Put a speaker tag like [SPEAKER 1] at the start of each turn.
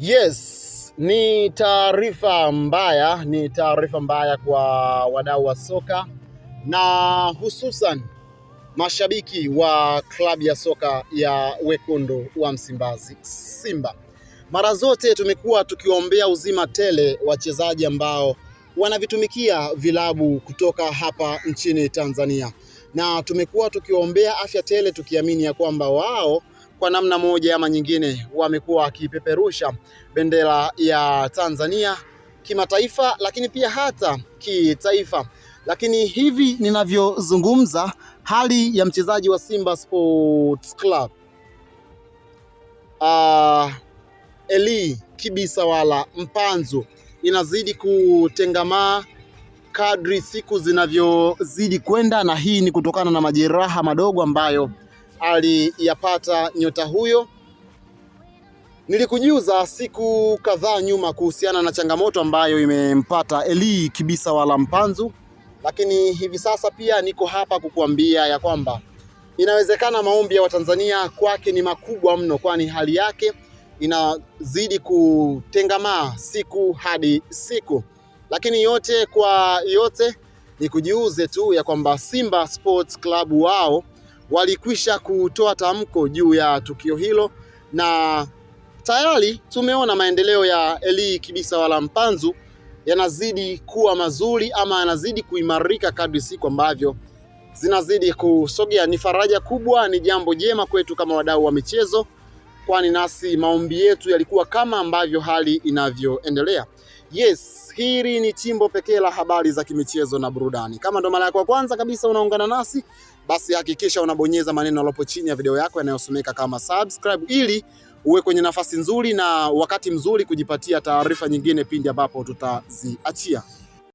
[SPEAKER 1] Yes, ni taarifa mbaya, ni taarifa mbaya kwa wadau wa soka na hususan mashabiki wa klabu ya soka ya wekundu wa Msimbazi Simba. Mara zote tumekuwa tukiwaombea uzima tele wachezaji ambao wanavitumikia vilabu kutoka hapa nchini Tanzania, na tumekuwa tukiwaombea afya tele tukiamini ya kwamba wao kwa namna moja ama nyingine wamekuwa wakipeperusha bendera ya Tanzania kimataifa, lakini pia hata kitaifa. Lakini hivi ninavyozungumza, hali ya mchezaji wa Simba Sports Club uh, Eli Kibisa wala Mpanzu inazidi kutengamaa kadri siku zinavyozidi kwenda, na hii ni kutokana na majeraha madogo ambayo aliyapata nyota huyo. Nilikujuza siku kadhaa nyuma kuhusiana na changamoto ambayo imempata Eli Kibisa wala Mpanzu, lakini hivi sasa pia niko hapa kukuambia ya kwamba inawezekana maombi ya Watanzania kwake ni makubwa mno, kwani hali yake inazidi kutengamaa siku hadi siku. Lakini yote kwa yote, nikujiuze tu ya kwamba Simba Sports Club wao walikwisha kutoa tamko juu ya tukio hilo na tayari tumeona maendeleo ya Eli Kibisa wala Mpanzu yanazidi kuwa mazuri ama yanazidi kuimarika kadri siku ambavyo zinazidi kusogea. Ni faraja kubwa, ni jambo jema kwetu kama wadau wa michezo kwani nasi maombi yetu yalikuwa kama ambavyo hali inavyoendelea. Yes, hili ni chimbo pekee la habari za kimichezo na burudani. Kama ndo mara yako ya kwanza kabisa unaungana nasi, basi hakikisha unabonyeza maneno yaliyopo chini ya video yako yanayosomeka kama subscribe, ili uwe kwenye nafasi nzuri na wakati mzuri kujipatia taarifa nyingine pindi ambapo tutaziachia.